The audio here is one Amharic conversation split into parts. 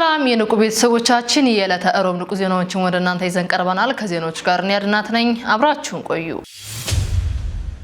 ሰላም የንቁ ቤተሰቦቻችን የዕለተ እሮብ ንቁ ዜናዎችን ወደ እናንተ ይዘን ቀርበናል። ከዜናዎች ጋር እኔ አድናት ነኝ። አብራችሁን ቆዩ።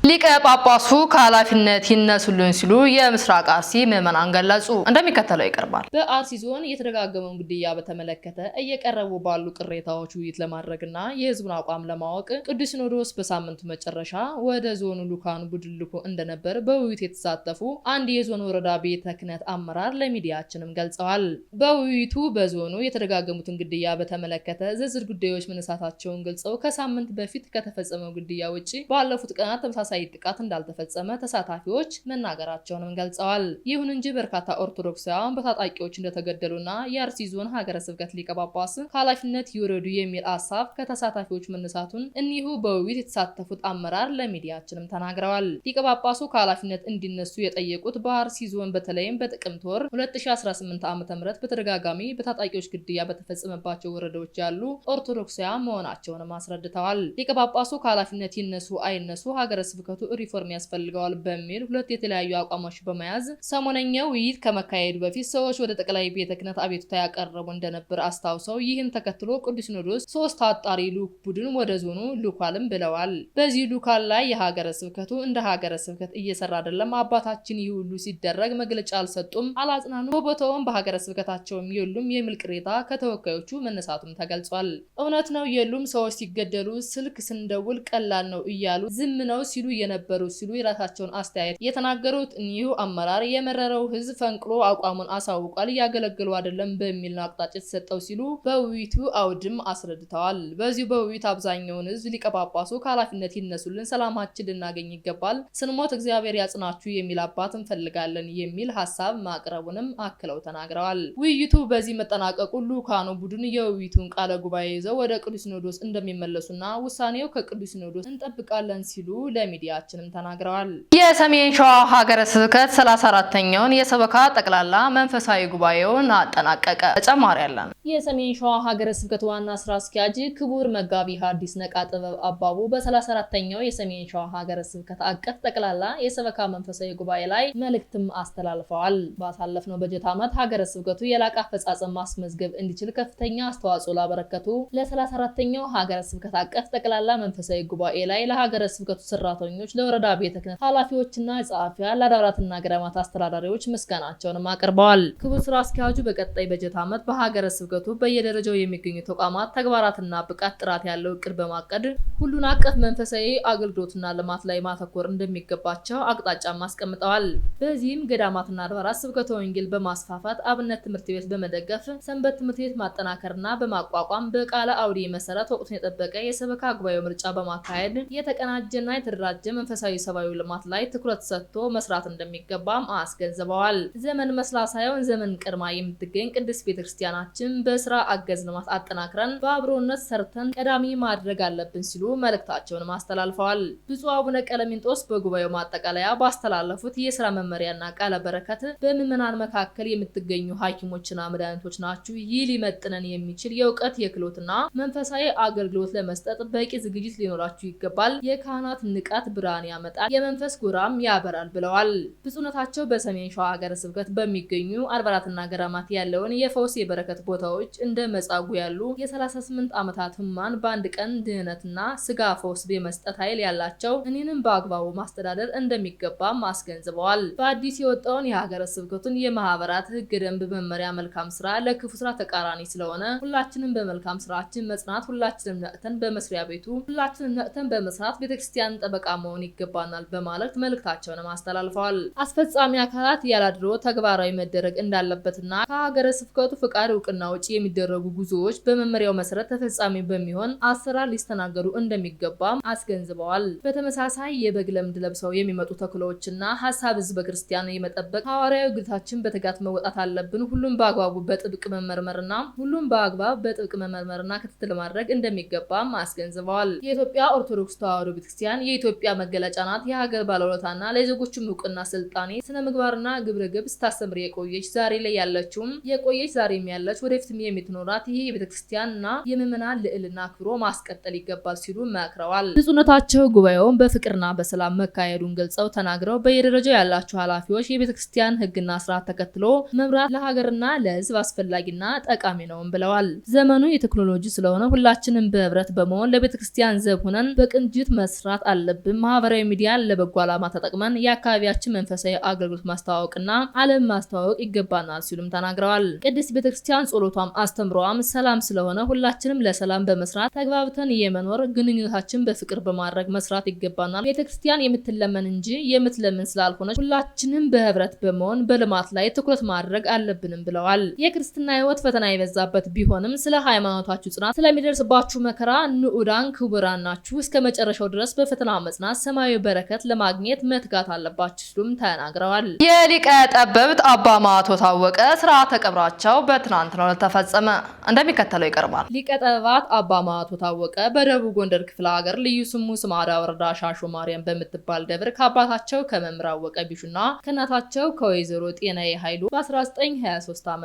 ሊቀ ጳጳሱ ከኃላፊነት ይነሱልን ሲሉ የምስራቅ አርሲ ምዕመናን ገለጹ። እንደሚከተለው ይቀርባል። በአርሲ ዞን የተደጋገመውን ግድያ በተመለከተ እየቀረቡ ባሉ ቅሬታዎች ውይይት ለማድረግና የህዝቡን አቋም ለማወቅ ቅዱስ ሲኖዶስ በሳምንቱ መጨረሻ ወደ ዞኑ ልኡካን ቡድን ልኮ እንደነበር በውይይት የተሳተፉ አንድ የዞን ወረዳ ቤተ ክህነት አመራር ለሚዲያችንም ገልጸዋል። በውይይቱ በዞኑ የተደጋገሙትን ግድያ በተመለከተ ዝርዝር ጉዳዮች መነሳታቸውን ገልጸው ከሳምንት በፊት ከተፈጸመው ግድያ ውጭ ባለፉት ቀናት ተመሳሳይ ጾታዊ ጥቃት እንዳልተፈጸመ ተሳታፊዎች መናገራቸውንም ገልጸዋል። ይሁን እንጂ በርካታ ኦርቶዶክሳውያን በታጣቂዎች እንደተገደሉና የአርሲ ዞን ሀገረ ስብከት ሊቀ ጳጳስን ከኃላፊነት ይውረዱ የሚል ሀሳብ ከተሳታፊዎች መነሳቱን እኒሁ በውይይት የተሳተፉት አመራር ለሚዲያችንም ተናግረዋል። ሊቀ ጳጳሱ ከኃላፊነት እንዲነሱ የጠየቁት በአርሲ ዞን በተለይም በጥቅምት ወር 2018 ዓ ም በተደጋጋሚ በታጣቂዎች ግድያ በተፈጸመባቸው ወረዳዎች ያሉ ኦርቶዶክሳውያን መሆናቸውንም አስረድተዋል። ሊቀ ጳጳሱ ከኃላፊነት ይነሱ አይነሱ ሀገረ ስብ ስብከቱ ሪፎርም ያስፈልገዋል በሚል ሁለት የተለያዩ አቋሞች በመያዝ ሰሞነኛ ውይይት ከመካሄዱ በፊት ሰዎች ወደ ጠቅላይ ቤተ ክህነት አቤቱታ ያቀረቡ እንደነበር አስታውሰው ይህን ተከትሎ ቅዱስ ሲኖዶስ ሶስት አጣሪ ልዑክ ቡድን ወደ ዞኑ ልኳልም ብለዋል። በዚህ ልዑካን ላይ የሀገረ ስብከቱ እንደ ሀገረ ስብከት እየሰራ አይደለም፣ አባታችን ይህ ሁሉ ሲደረግ መግለጫ አልሰጡም፣ አላጽናኑ፣ በቦታውም በሀገረ ስብከታቸውም የሉም የሚል ቅሬታ ከተወካዮቹ መነሳቱም ተገልጿል። እውነት ነው የሉም፣ ሰዎች ሲገደሉ ስልክ ስንደውል ቀላል ነው እያሉ ዝም ነው ሲሉ የነበሩ ሲሉ የራሳቸውን አስተያየት የተናገሩት እኒሁ አመራር የመረረው ህዝብ ፈንቅሎ አቋሙን አሳውቋል፣ እያገለገሉ አይደለም በሚል ነው አቅጣጫ የተሰጠው ሲሉ በውይይቱ አውድም አስረድተዋል። በዚሁ በውይይት አብዛኛውን ህዝብ ሊቀጳጳሱ ከኃላፊነት ይነሱልን፣ ሰላማችን ልናገኝ ይገባል፣ ስንሞት እግዚአብሔር ያጽናችሁ የሚል አባት እንፈልጋለን የሚል ሀሳብ ማቅረቡንም አክለው ተናግረዋል። ውይይቱ በዚህ መጠናቀቁ ልኡካኑ ቡድን የውይይቱን ቃለ ጉባኤ ይዘው ወደ ቅዱስ ሲኖዶስ እንደሚመለሱና ውሳኔው ከቅዱስ ሲኖዶስ እንጠብቃለን ሲሉ ለሚዲያ ሚዲያችንም ተናግረዋል። የሰሜን ሸዋ ሀገረ ስብከት 34ተኛውን የሰበካ ጠቅላላ መንፈሳዊ ጉባኤውን አጠናቀቀ። ተጨማሪ ያለን የሰሜን ሸዋ ሀገረ ስብከት ዋና ስራ አስኪያጅ ክቡር መጋቢ ሐዲስ ነቃ ጥበብ አባቡ በ34ተኛው የሰሜን ሸዋ ሀገረ ስብከት አቀፍ ጠቅላላ የሰበካ መንፈሳዊ ጉባኤ ላይ መልእክትም አስተላልፈዋል። ባሳለፍነው በጀት ዓመት ሀገረ ስብከቱ የላቀ አፈጻጸም ማስመዝገብ እንዲችል ከፍተኛ አስተዋጽኦ ላበረከቱ ለ34ተኛው ሀገረ ስብከት አቀፍ ጠቅላላ መንፈሳዊ ጉባኤ ላይ ለሀገረ ስብከቱ ሰራተኞች ሰራተኞች፣ ለወረዳ ቤተ ክህነት ኃላፊዎችና ጸሐፊያን፣ ለአድባራትና ገዳማት አስተዳዳሪዎች ምስጋናቸውንም አቅርበዋል። ክቡር ስራ አስኪያጁ በቀጣይ በጀት ዓመት በሀገረ ስብከቱ በየደረጃው የሚገኙ ተቋማት ተግባራትና ብቃት ጥራት ያለው እቅድ በማቀድ ሁሉን አቀፍ መንፈሳዊ አገልግሎትና ልማት ላይ ማተኮር እንደሚገባቸው አቅጣጫም አስቀምጠዋል። በዚህም ገዳማትና አድባራት ስብከተ ወንጌል በማስፋፋት አብነት ትምህርት ቤት በመደገፍ ሰንበት ትምህርት ቤት ማጠናከርና በማቋቋም በቃለ አውዲ መሰረት ወቅቱን የጠበቀ የሰበካ ጉባኤ ምርጫ በማካሄድ የተቀናጀና የተደራጀ መንፈሳዊ ሰብአዊ ልማት ላይ ትኩረት ሰጥቶ መስራት እንደሚገባም አስገንዝበዋል። ዘመን መስላ ሳይሆን ዘመን ቀድማ የምትገኝ ቅድስት ቤተክርስቲያናችን በስራ አገዝ ልማት አጠናክረን በአብሮነት ሰርተን ቀዳሚ ማድረግ አለብን ሲሉ መልእክታቸውንም አስተላልፈዋል። ብፁዕ አቡነ ቀለሚንጦስ በጉባኤው ማጠቃለያ ባስተላለፉት የስራ መመሪያና ቃለ በረከት በምዕመናን መካከል የምትገኙ ሐኪሞችና መድኃኒቶች ናችሁ። ይህ ሊመጥነን የሚችል የእውቀት የክህሎትና መንፈሳዊ አገልግሎት ለመስጠት በቂ ዝግጅት ሊኖራችሁ ይገባል። የካህናት ንቃት ሰዓት ብርሃን ያመጣል፣ የመንፈስ ጉራም ያበራል ብለዋል። ብፁዕነታቸው በሰሜን ሸዋ ሀገረ ስብከት በሚገኙ አድባራትና ገራማት ያለውን የፈውስ የበረከት ቦታዎች እንደ መጻጉ ያሉ የ38 ዓመታት ህማን በአንድ ቀን ድህነትና ስጋ ፈውስ የመስጠት ኃይል ያላቸው እኔንም በአግባቡ ማስተዳደር እንደሚገባም አስገንዝበዋል። በአዲስ የወጣውን የሀገረ ስብከቱን የማህበራት ህግ ደንብ መመሪያ መልካም ስራ ለክፉ ስራ ተቃራኒ ስለሆነ ሁላችንም በመልካም ስራችን መጽናት፣ ሁላችንም ነቅተን በመስሪያ ቤቱ፣ ሁላችንም ነቅተን በመስራት ቤተክርስቲያን ጠበቃ መሆን ይገባናል በማለት መልእክታቸውንም አስተላልፈዋል። አስፈጻሚ አካላት ያላድሮ ተግባራዊ መደረግ እንዳለበትና ከሀገረ ስብከቱ ፍቃድ እውቅና ውጭ የሚደረጉ ጉዞዎች በመመሪያው መሰረት ተፈጻሚ በሚሆን አሰራር ሊስተናገዱ እንደሚገባም አስገንዝበዋል። በተመሳሳይ የበግ ለምድ ለብሰው የሚመጡ ተኩላዎችና ሀሳብ ህዝበ ክርስቲያን የመጠበቅ ሐዋርያዊ ግዴታችን በትጋት መወጣት አለብን። ሁሉም በአግባቡ በጥብቅ መመርመርና ሁሉም በአግባብ በጥብቅ መመርመርና ክትትል ማድረግ እንደሚገባም አስገንዝበዋል። የኢትዮጵያ ኦርቶዶክስ ተዋሕዶ ቤተክርስቲያን የኢትዮጵያ የኢትዮጵያ መገለጫ ናት። የሀገር ባለውለታና ለዜጎቹም እውቅና፣ ስልጣኔ፣ ስነ ምግባርና ግብረ ግብስ ስታስተምር የቆየች ዛሬ ላይ ያለችውም የቆየች ዛሬም ያለች ወደፊትም የምትኖራት ይህ የቤተክርስቲያንና የምዕመናን ልዕልና አክብሮ ማስቀጠል ይገባል ሲሉ መክረዋል። ብፁዕነታቸው ጉባኤውን በፍቅርና በሰላም መካሄዱን ገልጸው ተናግረው በየደረጃው ያላቸው ኃላፊዎች የቤተክርስቲያን ሕግና ስርዓት ተከትሎ መምራት ለሀገርና ለሕዝብ አስፈላጊና ጠቃሚ ነውም ብለዋል። ዘመኑ የቴክኖሎጂ ስለሆነ ሁላችንም በህብረት በመሆን ለቤተክርስቲያን ዘብ ሆነን በቅንጅት መስራት አለብን ማህበራዊ ሚዲያ ለበጎ ዓላማ ተጠቅመን የአካባቢያችን መንፈሳዊ አገልግሎት ማስተዋወቅና ዓለም ማስተዋወቅ ይገባናል ሲሉም ተናግረዋል። ቅድስት ቤተክርስቲያን ጸሎቷም አስተምሯም ሰላም ስለሆነ ሁላችንም ለሰላም በመስራት ተግባብተን የመኖር ግንኙነታችን በፍቅር በማድረግ መስራት ይገባናል። ቤተክርስቲያን የምትለመን እንጂ የምትለምን ስላልሆነች ሁላችንም በህብረት በመሆን በልማት ላይ ትኩረት ማድረግ አለብንም ብለዋል። የክርስትና ህይወት ፈተና የበዛበት ቢሆንም ስለ ሃይማኖታችሁ ጽናት፣ ስለሚደርስባችሁ መከራ ንዑዳን ክቡራን ናችሁ እስከ መጨረሻው ድረስ በፈተና መጽናት ህጻናት ሰማያዊ በረከት ለማግኘት መትጋት አለባቸው ሲሉም ተናግረዋል። የሊቀ ጠበብት አባ ማቶ ታወቀ ስርዓተ ቀብራቸው በትናንትናው ዕለት ተፈጸመ። እንደሚከተለው ይቀርባል። ሊቀ ጠበባት አባ ማቶ ታወቀ በደቡብ ጎንደር ክፍለ ሀገር ልዩ ስሙ ስማዳ ወረዳ ሻሾ ማርያም በምትባል ደብር ከአባታቸው ከመምህር አወቀ ቢሹና ከእናታቸው ከወይዘሮ ጤናዬ ኃይሉ በ1923 ዓ ም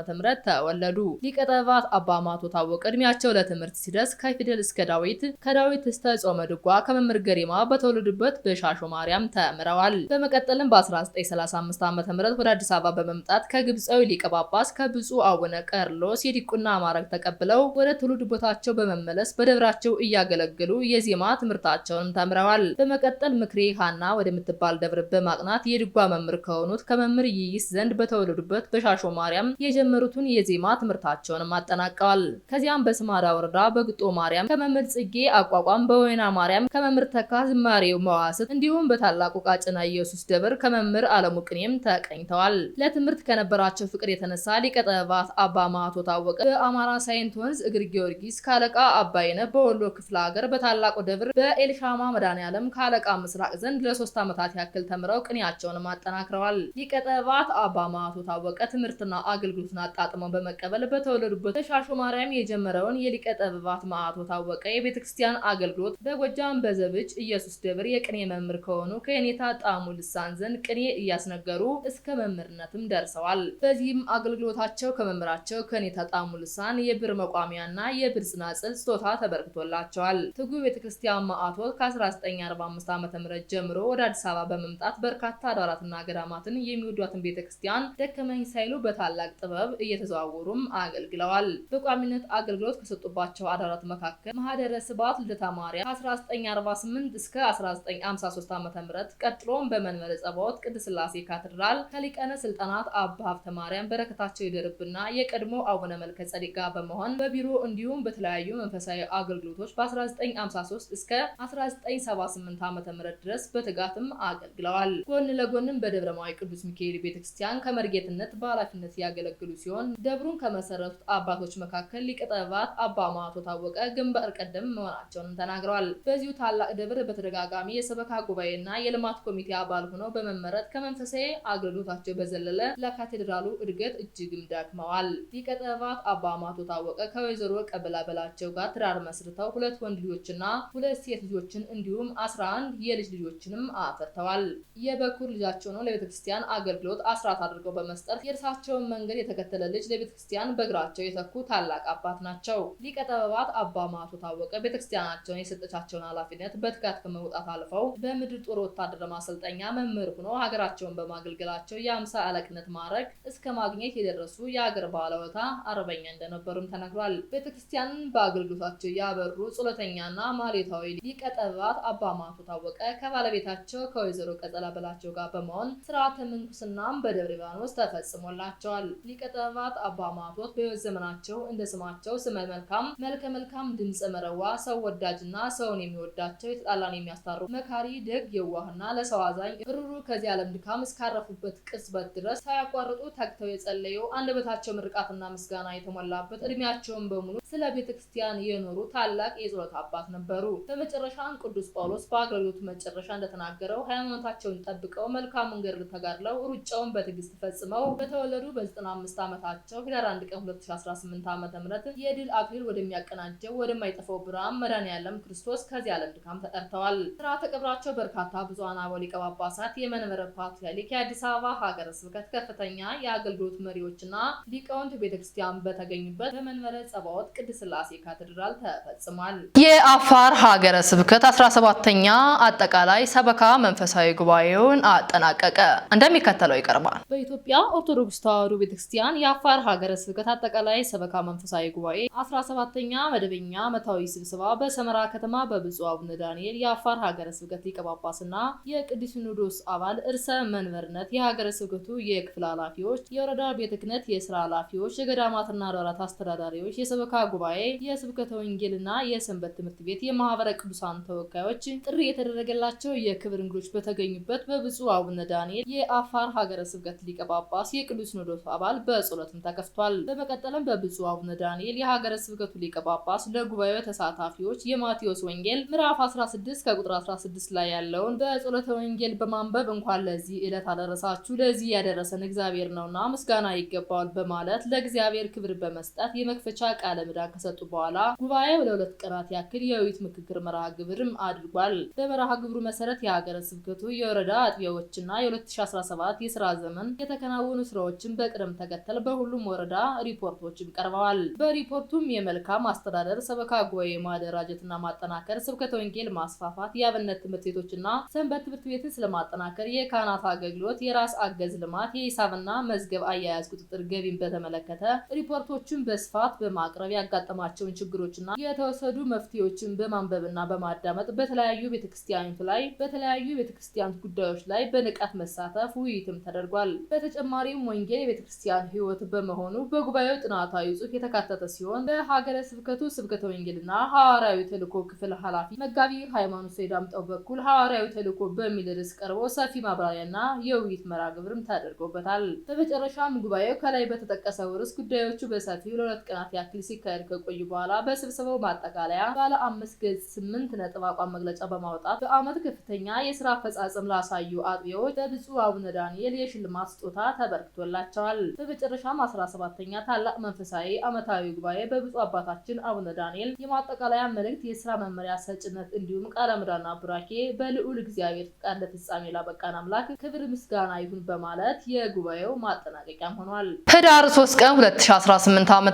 ተወለዱ። ሊቀ ጠበባት አባ ማቶ ታወቀ እድሜያቸው ለትምህርት ሲደርስ ከፊደል እስከ ዳዊት ከዳዊት እስከ ጾመ ድጓ ከመምህር ገሪማ በተወለዱ በሚወልዱበት በሻሾ ማርያም ተምረዋል። በመቀጠልም በ1935 ዓ ም ወደ አዲስ አበባ በመምጣት ከግብፃዊ ሊቀ ጳጳስ ከብፁዕ አቡነ ቀርሎስ የዲቁና ማዕረግ ተቀብለው ወደ ትውልድ ቦታቸው በመመለስ በደብራቸው እያገለገሉ የዜማ ትምህርታቸውንም ተምረዋል። በመቀጠል ምክሬ ሀና ወደምትባል ደብር በማቅናት የድጓ መምህር ከሆኑት ከመምህር ይይስ ዘንድ በተወለዱበት በሻሾ ማርያም የጀመሩትን የዜማ ትምህርታቸውንም አጠናቀዋል። ከዚያም በስማዳ ወረዳ በግጦ ማርያም ከመምህር ጽጌ አቋቋም፣ በወይና ማርያም ከመምህር ተካ ዝማሬው መዋስት እንዲሁም በታላቁ ቃጭና ኢየሱስ ደብር ከመምህር አለሙ ቅኔም ተቀኝተዋል። ለትምህርት ከነበራቸው ፍቅር የተነሳ ሊቀ ጠበባት አባ ማቶ ታወቀ በአማራ ሳይንት ወንዝ እግር ጊዮርጊስ ካለቃ አባይነ በወሎ ክፍለ ሀገር በታላቁ ደብር በኤልሻማ መድኃኔዓለም ካለቃ ምስራቅ ዘንድ ለሶስት ዓመታት ያክል ተምረው ቅኔያቸውንም አጠናክረዋል። ሊቀ ጠበባት አባ ማቶ ታወቀ ትምህርትና አገልግሎትን አጣጥመው በመቀበል በተወለዱበት ተሻሹ ማርያም የጀመረውን የሊቀ ጠበባት ማቶ ታወቀ የቤተክርስቲያን አገልግሎት በጎጃም በዘብጅ ኢየሱስ ደብር የቅኔ መምህር ከሆኑ ከኔታ ጣሙ ልሳን ዘንድ ቅኔ እያስነገሩ እስከ መምህርነትም ደርሰዋል። በዚህም አገልግሎታቸው ከመምህራቸው ከኔታ ጣሙ ልሳን የብር መቋሚያና የብር ጽናጽል ስጦታ ተበርክቶላቸዋል። ትጉ ቤተክርስቲያን ማአቶ ከ1945 ዓ ም ጀምሮ ወደ አዲስ አበባ በመምጣት በርካታ አድባራትና ገዳማትን የሚወዷትን ቤተክርስቲያን ደከመኝ ሳይሉ በታላቅ ጥበብ እየተዘዋወሩም አገልግለዋል። በቋሚነት አገልግሎት ከሰጡባቸው አድባራት መካከል ማህደረ ስብሐት ልደታ ማርያም ከ1948 እስከ 1953 ዓም ቀጥሎም በመንበረ ጸባዖት ቅድስት ሥላሴ ካቴድራል ከሊቀነ ስልጣናት አባ ሀብተ ማርያም በረከታቸው ይደርብና የቀድሞ አቡነ መልከ ጸዲቅ ጋር በመሆን በቢሮ እንዲሁም በተለያዩ መንፈሳዊ አገልግሎቶች በ1953 እስከ 1978 ዓ ም ድረስ በትጋትም አገልግለዋል። ጎን ለጎንም በደብረ ማዊ ቅዱስ ሚካኤል ቤተክርስቲያን ከመርጌትነት በኃላፊነት ያገለግሉ ሲሆን ደብሩን ከመሰረቱት አባቶች መካከል ሊቀ ጠበባት አባ ማቶ ታወቀ ግንባር ቀደም መሆናቸውንም ተናግረዋል። በዚሁ ታላቅ ደብር በተደጋጋሚ ተቋሚ የሰበካ ጉባኤና የልማት ኮሚቴ አባል ሆነው በመመረጥ ከመንፈሳዊ አገልግሎታቸው በዘለለ ለካቴድራሉ እድገት እጅግም ዳግመዋል። ሊቀ ጠበብት አባ ማቶ ታወቀ ከወይዘሮ ቀበላ በላቸው ጋር ትዳር መስርተው ሁለት ወንድ ልጆችና ሁለት ሴት ልጆችን እንዲሁም አስራ አንድ የልጅ ልጆችንም አፈርተዋል። የበኩር ልጃቸው ነው ለቤተክርስቲያን አገልግሎት አስራት አድርገው በመስጠት የእርሳቸውን መንገድ የተከተለ ልጅ ለቤተክርስቲያን በእግራቸው የተኩ ታላቅ አባት ናቸው። ሊቀ ጠበብት አባ ማቶ ታወቀ ቤተክርስቲያናቸውን የሰጠቻቸውን ኃላፊነት በትጋት ከመውጣት አልፈው በምድር ጦር ወታደር ማሰልጠኛ መምህር ሆነው ሀገራቸውን በማገልገላቸው የአምሳ አለቅነት ማድረግ እስከ ማግኘት የደረሱ የአገር ባለውለታ አርበኛ እንደነበሩም ተነግሯል። ቤተክርስቲያንን በአገልግሎታቸው ያበሩ ጸሎተኛና ማሌታዊ ሊቀጠባት አባ ማቱ ታወቀ ከባለቤታቸው ከወይዘሮ ቀጠላ በላቸው ጋር በመሆን ስርዓተ ምንኩስናም በደብረ ሊባኖስ ተፈጽሞላቸዋል። ሊቀጠባት አባ ማቶት በሕይወት ዘመናቸው እንደ ስማቸው ስመ መልካም፣ መልከ መልካም፣ ድምፀ መረዋ፣ ሰው ወዳጅና ሰውን የሚወዳቸው የተጣላን የሚያስታር አብሮ መካሪ፣ ደግ፣ የዋህና ለሰው አዛኝ እሩሩ ከዚህ ዓለም ድካም እስካረፉበት ቅጽበት ድረስ ሳያቋርጡ ተግተው የጸለዩ አንደበታቸው ምርቃትና ምስጋና የተሞላበት እድሜያቸውን በሙሉ ስለ ቤተ ክርስቲያን የኖሩ ታላቅ የጸሎት አባት ነበሩ። በመጨረሻም ቅዱስ ጳውሎስ በአገልግሎቱ መጨረሻ እንደተናገረው ሃይማኖታቸውን ጠብቀው መልካም መንገድ ተጋድለው ሩጫውን በትዕግስት ፈጽመው በተወለዱ በ95 ዓመታቸው ህዳር 1 ቀን 2018 ዓ.ም የድል አክሊል ወደሚያቀናጀው ወደማይጠፋው ብርሃን መድኃኔዓለም ክርስቶስ ከዚህ ዓለም ድካም ተጠርተዋል። በስርዓተ ቀብራቸው በርካታ ብፁዓን አበው ሊቀ ጳጳሳት፣ የመንበረ ፓትርያርክ፣ የአዲስ አበባ ሀገረ ስብከት ከፍተኛ የአገልግሎት መሪዎችና ሊቃውንት ቤተክርስቲያን በተገኙበት በመንበረ ጸባዖት ቅድስት ስላሴ ካቴድራል ተፈጽሟል። የአፋር ሀገረ ስብከት 17ኛ አጠቃላይ ሰበካ መንፈሳዊ ጉባኤውን አጠናቀቀ። እንደሚከተለው ይቀርባል። በኢትዮጵያ ኦርቶዶክስ ተዋሕዶ ቤተክርስቲያን የአፋር ሀገረ ስብከት አጠቃላይ ሰበካ መንፈሳዊ ጉባኤ 17ኛ መደበኛ ዓመታዊ ስብሰባ በሰመራ ከተማ በብፁዕ አቡነ ዳንኤል የአፋር ሀገረ የሀገረ ስብከት ሊቀ ጳጳስና የቅዱስ ሲኖዶስ አባል እርሰ መንበርነት የሀገረ ስብከቱ የክፍል ኃላፊዎች፣ የወረዳ ቤተ ክህነት የስራ ኃላፊዎች፣ የገዳማትና አድባራት አስተዳዳሪዎች፣ የሰበካ ጉባኤ፣ የስብከተ ወንጌልና የሰንበት ትምህርት ቤት የማህበረ ቅዱሳን ተወካዮች፣ ጥሪ የተደረገላቸው የክብር እንግዶች በተገኙበት በብፁዕ አቡነ ዳንኤል የአፋር ሀገረ ስብከት ሊቀ ጳጳስ የቅዱስ ሲኖዶስ አባል በጸሎትም ተከፍቷል። በመቀጠልም በብፁዕ አቡነ ዳንኤል የሀገረ ስብከቱ ሊቀ ጳጳስ ለጉባኤው ተሳታፊዎች የማቴዎስ ወንጌል ምዕራፍ 16 ከቁጥር 16 ላይ ያለውን በጸሎተ ወንጌል በማንበብ እንኳን ለዚህ ዕለት አደረሳችሁ ለዚህ ያደረሰን እግዚአብሔር ነውና ምስጋና ይገባዋል በማለት ለእግዚአብሔር ክብር በመስጠት የመክፈቻ ቃለ ምዕዳን ከሰጡ በኋላ ጉባኤው ለሁለት ቀናት ያክል የውይይት ምክክር መርሃ ግብርም አድርጓል። በመርሃ ግብሩ መሰረት የሀገረ ስብከቱ የወረዳ አጥቢያዎችና የ2017 የስራ ዘመን የተከናወኑ ስራዎችን በቅደም ተከተል በሁሉም ወረዳ ሪፖርቶችም ቀርበዋል። በሪፖርቱም የመልካም አስተዳደር ሰበካ ጉባኤ ማደራጀትና ማጠናከር፣ ስብከተ ወንጌል ማስፋፋት፣ የአብ ሰንበት ትምህርት ቤቶችና ሰንበት ትምህርት ቤትን ስለማጠናከር፣ የካህናት አገልግሎት፣ የራስ አገዝ ልማት፣ የሂሳብና መዝገብ አያያዝ ቁጥጥር ገቢን በተመለከተ ሪፖርቶችን በስፋት በማቅረብ ያጋጠማቸውን ችግሮችና የተወሰዱ መፍትሄዎችን በማንበብና በማዳመጥ በተለያዩ ቤተክርስቲያኖች ላይ በተለያዩ ቤተክርስቲያን ጉዳዮች ላይ በንቃት መሳተፍ ውይይትም ተደርጓል። በተጨማሪም ወንጌል የቤተክርስቲያን ሕይወት በመሆኑ በጉባኤው ጥናታዊ ጽሑፍ የተካተተ ሲሆን በሀገረ ስብከቱ ስብከተ ወንጌልና ሐዋርያዊ ተልእኮ ክፍል ኃላፊ መጋቢ ሃይማኖት ሰይዳ ዳምጠው በኩል ሐዋርያዊ ተልዕኮ በሚል ርዕስ ቀርቦ ሰፊ ማብራሪያና የውይይት መርሃ ግብርም ተደርጎበታል። በመጨረሻም ጉባኤው ከላይ በተጠቀሰው ርዕስ ጉዳዮቹ በሰፊው ለሁለት ቀናት ያክል ሲካሄድ ከቆዩ በኋላ በስብሰባው ማጠቃለያ ባለ አምስት ገጽ ስምንት ነጥብ አቋም መግለጫ በማውጣት በዓመት ከፍተኛ የስራ አፈጻጸም ላሳዩ አጥቢዎች በብፁዕ አቡነ ዳንኤል የሽልማት ስጦታ ተበርክቶላቸዋል። በመጨረሻም አስራ ሰባተኛ ታላቅ መንፈሳዊ ዓመታዊ ጉባኤ በብፁዕ አባታችን አቡነ ዳንኤል የማጠቃለያ መልእክት፣ የስራ መመሪያ ሰጭነት እንዲሁም ቃለ ምዕዳና ቡራኬ በልዑል እግዚአብሔር ፍቃድ ለፍጻሜ ላበቃን አምላክ ክብር ምስጋና ይሁን በማለት የጉባኤው ማጠናቀቂያም ሆኗል። ህዳር 3 ቀን 2018 ዓ.ም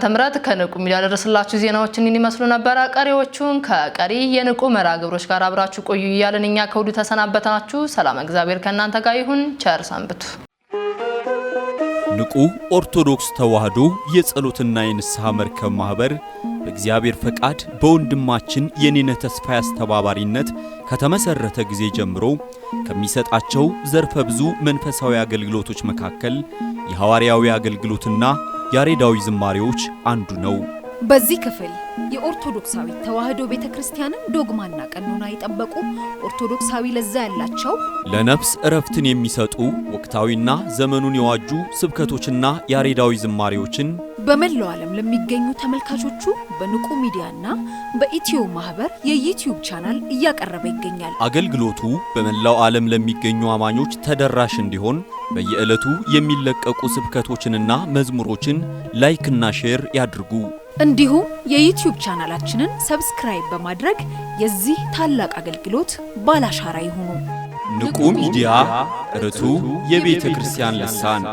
ከንቁ ሚዲያ ደረስላችሁ ዜናዎችን ይመስሉ ነበረ። ቀሪዎቹን ከቀሪ የንቁ መርሃ ግብሮች ጋር አብራችሁ ቆዩ እያለን እኛ ከውዱ ተሰናበትናችሁ። ሰላም እግዚአብሔር ከእናንተ ጋር ይሁን። ቸር ሰንብቱ። ንቁ ኦርቶዶክስ ተዋህዶ የጸሎትና የንስሐ መርከብ ማህበር በእግዚአብሔር ፈቃድ በወንድማችን የኔነ ተስፋዬ አስተባባሪነት ከተመሰረተ ጊዜ ጀምሮ ከሚሰጣቸው ዘርፈ ብዙ መንፈሳዊ አገልግሎቶች መካከል የሐዋርያዊ አገልግሎትና ያሬዳዊ ዝማሬዎች አንዱ ነው። በዚህ ክፍል የኦርቶዶክሳዊ ተዋሕዶ ቤተ ክርስቲያንን ዶግማና ቀኖና የጠበቁ ኦርቶዶክሳዊ ለዛ ያላቸው ለነፍስ እረፍትን የሚሰጡ ወቅታዊና ዘመኑን የዋጁ ስብከቶችና ያሬዳዊ ዝማሬዎችን በመላው ዓለም ለሚገኙ ተመልካቾቹ በንቁ ሚዲያና በኢትዮ ማህበር የዩትዩብ ቻናል እያቀረበ ይገኛል። አገልግሎቱ በመላው ዓለም ለሚገኙ አማኞች ተደራሽ እንዲሆን በየዕለቱ የሚለቀቁ ስብከቶችንና መዝሙሮችን ላይክና ሼር ያድርጉ። እንዲሁም የዩትዩብ ቻናላችንን ሰብስክራይብ በማድረግ የዚህ ታላቅ አገልግሎት ባላሻራ ይሁኑ። ንቁ ሚዲያ ርቱ የቤተ ክርስቲያን ልሳን